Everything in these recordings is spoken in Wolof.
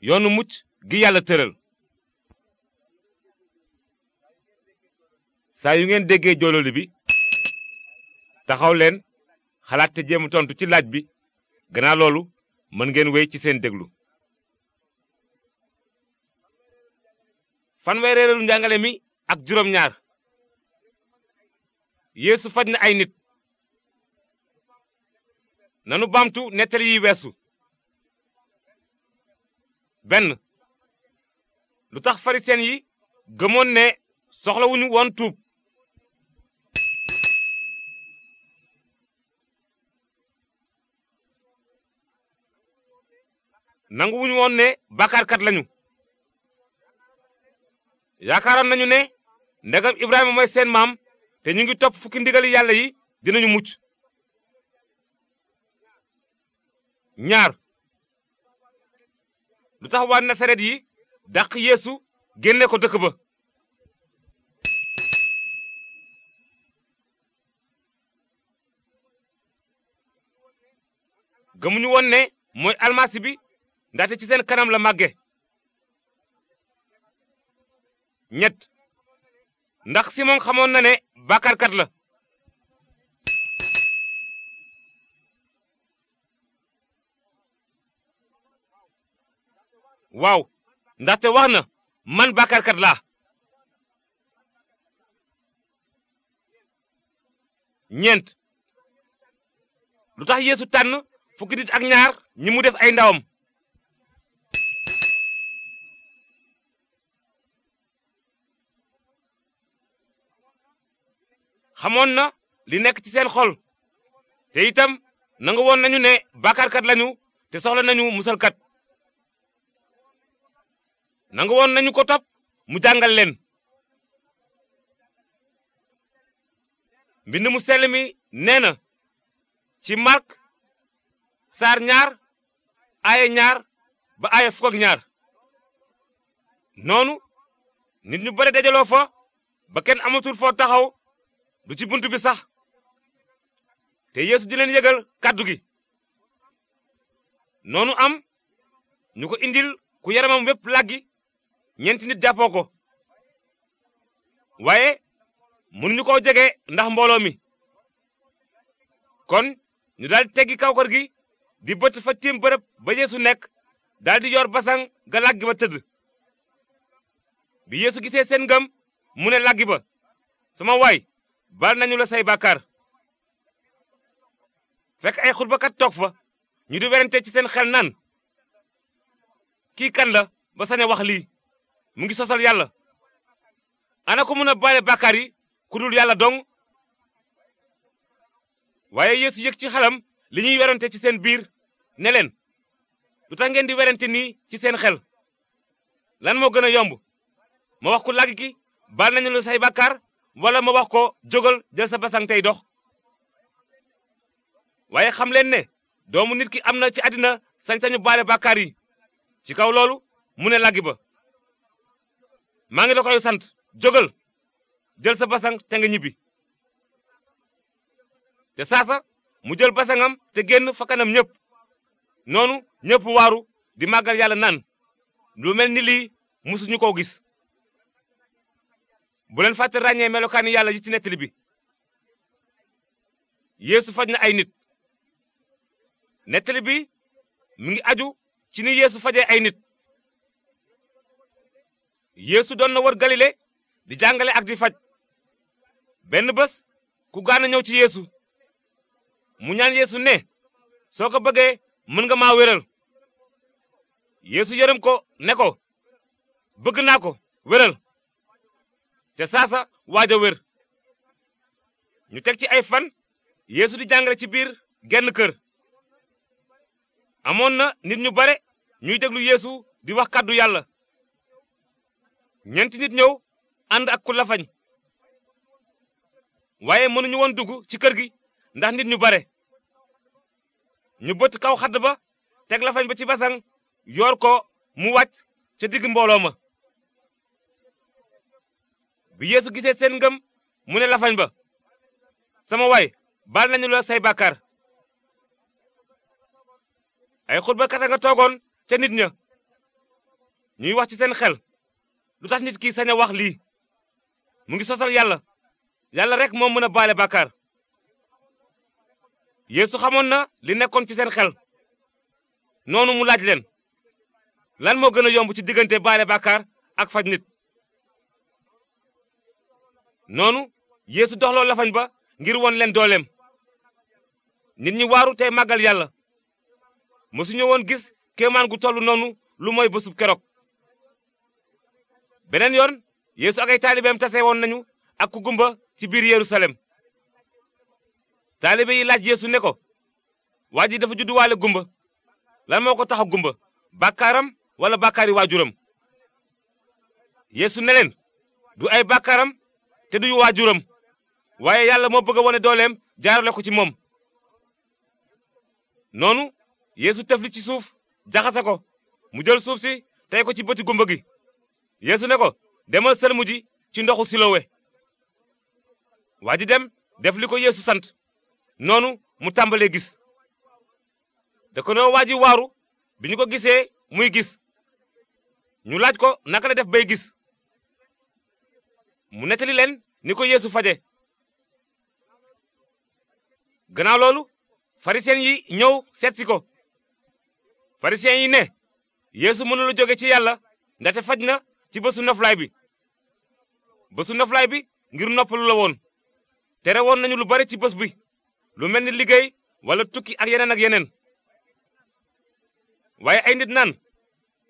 yoonu mucc gi yàlla tëral saa yu ngeen déggee joololi bi taxaw leen xalaat te jéem tontu ci laaj bi gannaaw loolu mën ngeen wéy ci seen déglu fanweereelu njàngale mi ak juróom ñaar yeesu faj na ay nit nanu bamtu nettali yi weesu benn lu tax farisiyen yi gëmoon ne soxlawuñu woon tuub nanguwuñu woon ne bàkkaarkat lañu yaakaaroon nañu ne ndegam Ibrahima moy seen maam te ñu ngi topp fukki ndigali yàlla yi dinañu mucc ñaar lu tax waa nasaret yi dàq yéesu génne ko dëkk ba gëmuñu woon ne mooy almasi bi ndaxte ci seen kanam la màgge ñett ndax simon xamoon na ne bàkkaarkat la waaw ndaxte wax na man bàkkaarkat la ñeent lu tax yéesu tànn fukki ak ñaar ñi mu def ay ndawam xamoon na li nekk ci seen xol te itam nangu woon nañu ne bàkkaarkat lañu te soxla nañu musalkat nangu woon nañu ko topp mu jàngal leen mbind mu sell mi nee na ci Mark saar ñaar aaya ñaar ba aaya fukk ñaar noonu nit ñu bare dajaloo fa ba kenn amatul foo taxaw du ci bunt bi sax te yeesu di leen yëgal kàddu gi noonu am ñu ko indil ku yaramam wépp làggi ñeenti nit jàppoo ko waaye ñu koo jege ndax mbooloo mi kon ñu daal teggi kawkar gi di bëtt fa tiim bërëb ba yeesu nekk daal di yor basang ga làggi ba tëdd bi yeesu gisee seen ngëm mu ne làggi ba sama waay baal nañu la say bàkkaar fekk ay xutbakat toog fa ñu di werante ci seen xel nan kii kan la ba sa a wax lii mu ngi sosal yàlla ana ko mën a baale bàkkaar yi ku dul yàlla dong waaye yeesu yëg ci xelam li ñuy werante ci seen biir ne leen lu tax ngeen di werante nii ci seen xel lan moo gën a yomb ma wax ku làgg ki baal nañu la say bàkkaar wala ma wax ko jógal jël sa basang tey dox waaye xam leen ne doomu nit ki am na ci àddina sañ-sañu baale bàkkaar yi ci kaw loolu mu ne làggi ba maa ngi la koy sant jógal jël sa basang te nga ñibbi te saasa mu jël basangam te génn fakanam ñëpp noonu ñëpp waaru di màggal yàlla naan lu mel ni lii musuñu koo gis bu leen fàtte ràññee melokaani yàlla yi ci nettali bi yeesu faj na ay nit nettali bi mi ngi aju ci ni yeesu fajee ay nit yéesu doon na wër galile di jàngale ak di faj benn bës ku gaana ñëw ci yéesu mu ñaan yeesu ne soo ko bëggee mën nga maa wéral yéesu yërëm ko né ko bëgg naa ko wéral te saasa waaj a wér ñu teg ci ay fan yéesu di jàngale ci biir genn kër amoon na nit ñu bare ñuy déglu yéesu di wax kàddu yàlla ñeenti nit ñëw ànd ak ku lafañ waaye mënuñu woon dugg ci kër gi ndax nit ñu bare ñu bëtt kaw xadd ba teg lafañ ba ci basaŋ yoor ko mu wàcc ca digg mbooloo ma bi yeesu gisee seen ngëm mu ne lafañ ba sama way bal nañu la say bàkkaar ay xutbakat a nga toogoon ca nit ña ñuy wax ci seen xel lu tax nit ki sañ a wax lii mu ngi sosal yàlla yàlla rek moo mën a baale bàkkaar yéesu xamoon na li nekkoon ci seen xel noonu mu laaj leen lan moo gën a yomb ci diggante baale bàkkaar ak faj nit noonu yéesu doxloo lafañ ba ngir won leen dooleem nit ñi waaru te màggal yàlla mësuñu woon gis kéemaan gu tollu noonu lu mooy bésub keroog beneen yoon yéesu ak taalibeem tase woon nañu ak ku gumba ci biir yerusalem taalibe yi laaj yeesu ne ko waa ji dafa judduwaale gumba lan moo ko tax a gumba bàkkaaram wala bàkkaari waajuram yeesu ne leen du ay bàkkaaram te duyu waajuram waaye yàlla moo bëgg a wone dooleem jaarale ko ci moom noonu yéesu tëfli ci suuf jaxase ko mu jël suuf si tey ko ci bëti gumba gi yéesu ne ko demal sëlmu ji ci ndoxu silowe waaju dem def li ko yeesu sant noonu mu tàmbalee gis da ko waaru bi ñu ko gisee muy gis ñu laaj ko naka la def bay gis mu nettali leen ni ko yéesu faje gannaaw loolu farisiyen yi ñëw seetsi ko farisiyen yi ne yeesu mënula jóge ci yàlla ndaxte faj na ci bësu noflaay bi bésu noflaay bi ngir noppalu la woon tere woon nañu lu bari ci bës bi lu mel ni liggéey wala tukki ak yeneen ak yeneen waaye ay nit naan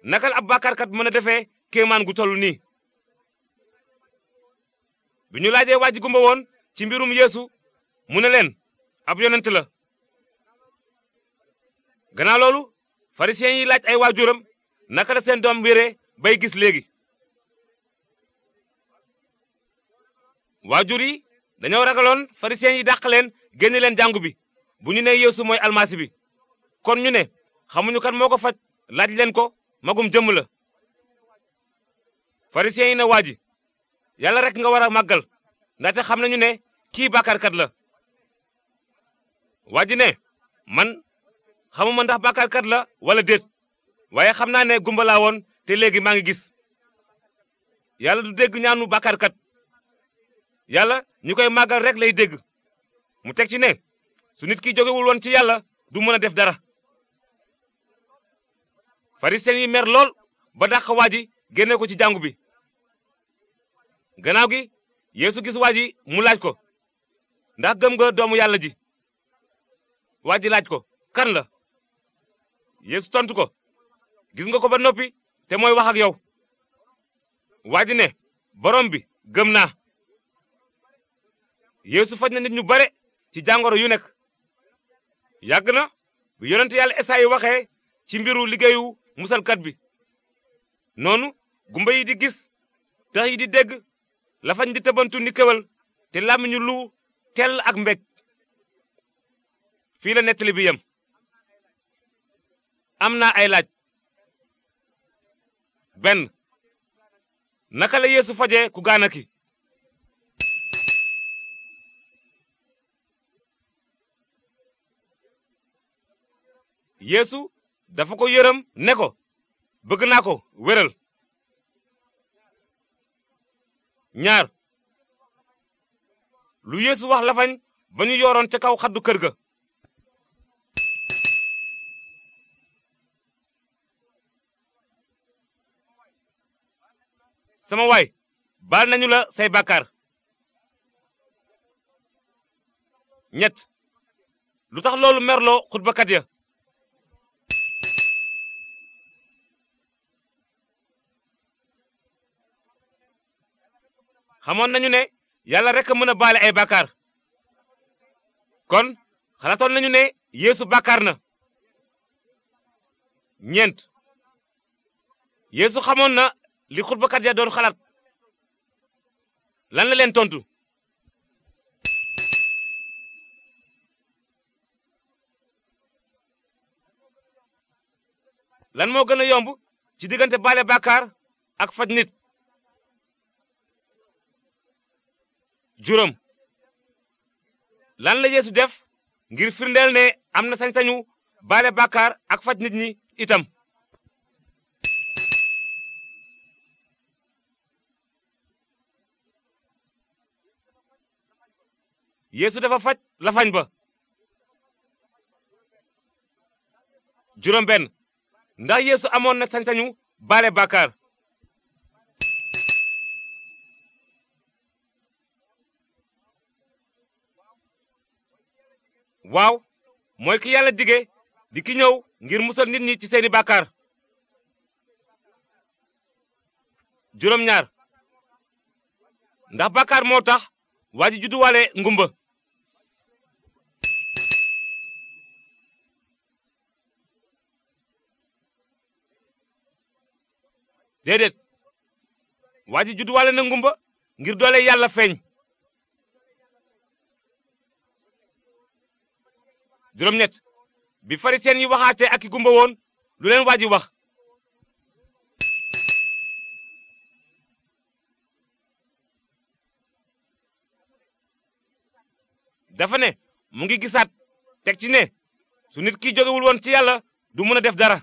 nakal ab bàkkaarkat mën a defee kéemaan gu toll nii bi ñu laajee waa ji gumba woon ci mbirum yeesu mu ne leen ab yonent la gannaaw loolu pharisiens yi laaj ay waajuram naka la seen doom wéree bay gis léegi waajur yi dañoo ragaloon farisiyen yi dàq leen génne leen jàngu bi bu ñu nee yéesu mooy almasi bi kon ñu ne xamuñu kan moo ko faj laaj leen ko magum jëmm la farisiyen yi ne waa ji yàlla rek nga war a màggal ndaxte xam nañu ne kii bàkkaarkat la waa ne man xamuma ndax bàkkaarkat la wala déet waaye xam naa ne gumba laa woon te léegi maa ngi gis yàlla du dégg ñaanu bàkkaarkat yàlla ñi koy màggal rek lay dégg mu teg ci ne su nit ki jógewul woon ci yàlla du mën a def dara farisiyen yi mer lool ba dàq waa ji génne ko ci jàngu bi gannaaw gi yéesu gis waa ji mu laaj ko ndax gëm nga doomu yàlla ji waa ji laaj ko kan la yéesu tontu ko gis nga ko ba noppi te mooy wax ak yow waaj ne borom bi gëm naa yeesu faj na nit ñu bare ci jàngoro yu nekk yàgg na bu yonent yàlla esaayi waxee ci mbiru liggéeyu musalkat bi noonu gumba yi di gis tax yi di dégg lafañ di tëbantu ni kéwal te làmmiñu lu tel ak mbeg fii la yem am na ay laaj benn naka la yeesu faje ku yéesu dafa ko yërëm ne ko bëgg naa ko wéral ñaar lu yéesu wax lafañ ba ñu yooroon ca kaw xaddu kër ga sama waay baal nañu la say bàkkaar ñett lu tax loolu merloo xutbakat ya xamoon nañu ne yàlla rek a mën a baale ay bàkkaar kon xalaatoon nañu ne yéesu bakkaar na ñeent yéesu xamoon na li xutbakat ya doon xalaat lan la leen tontu lan moo gën a yomb ci diggante baale bàkkaar ak faj nit juróom lan la yeesu def ngir firndeel ne am na sañsañu sañu baale ak faj nit ñi itam yéesu dafa faj lafañ ba juróom benn ndax yeesu amoon na sañsañu sañu baale waaw mooy ki yàlla dige di ki ñëw ngir musal nit nii ci seeni bàkkaar juróom ñaar ndax bakar moo tax waa ji judduwaale ngumba déedéet waa ji judduwaale na ngumba ngir doole yàlla feeñ juróom-ñett bi farisiyen yi waxaatee ak ki gumba woon lu leen waa ji wax dafa ne mu ngi gisaat teg ci ne su nit ki jogewul woon ci yàlla du mën a def dara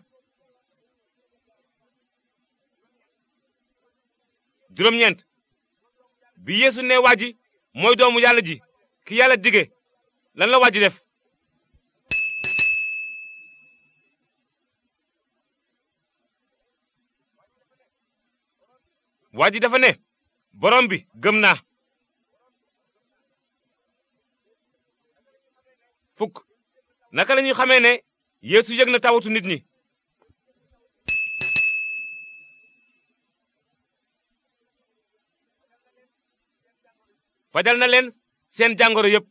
juróom-ñeent bi yeesu ne waa ji mooy doomu yàlla ji ki yàlla dige lan la waa ji def waa ji dafa ne borom bi gëm naa fuk naka la ñuy xamee ne yeesu yëg na tawatu nit ñi fajal na leen seen jàngoro yépp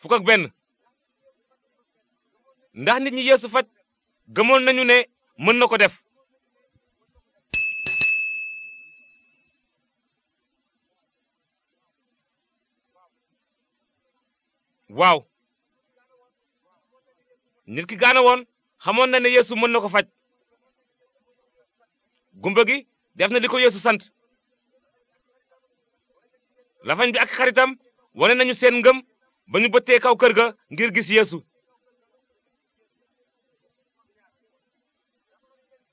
fukk benn ndax nit ñi yeesu faj gëmoon nañu ne mën na ko def waaw nit ki gaana woon xamoon na ne yeesu mën na ko faj gumba gi def na di ko yéesu sant lafañ bi ak xaritam wane nañu seen ngëm ba ñu bëttee kaw kër ga ngir gis yéesu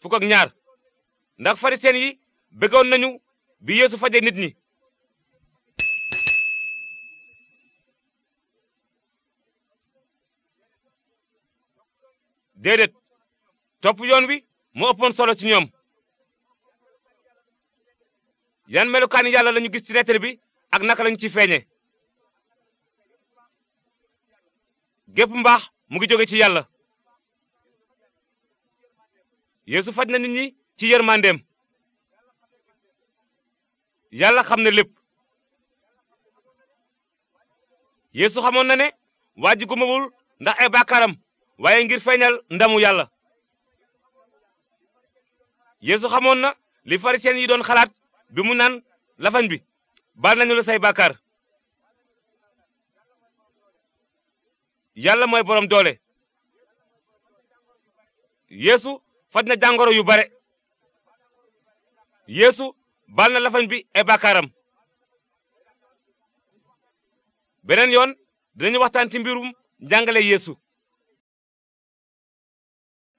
fukk ñaar ndax fariseen yi bëggoon nañu bi yéesu faje nit ñi déedéet topp yoon wi moo ëppoon solo ci ñoom yan melukaani yàlla lañu gis ci lettre bi ak naka lañu ci feeñe gépp mbaax mu ngi jóge ci yàlla yéesu faj na nit ñi ci yërmandeem yàlla xam na lépp yéesu xamoon na ne waa ji gumawul ndax ay baakaaram waaye ngir feeñal ndamu yàlla yéesu xamoon na li pharisien yi doon xalaat bi mu naan lafañ bi baal nañu la say bàkkaar yàlla mooy boroom doole yéesu faj na jàngoro yu bare yéesu baal na lafañ bi ay beneen yoon dinañu waxtaan ci mbirum njàngale yeesu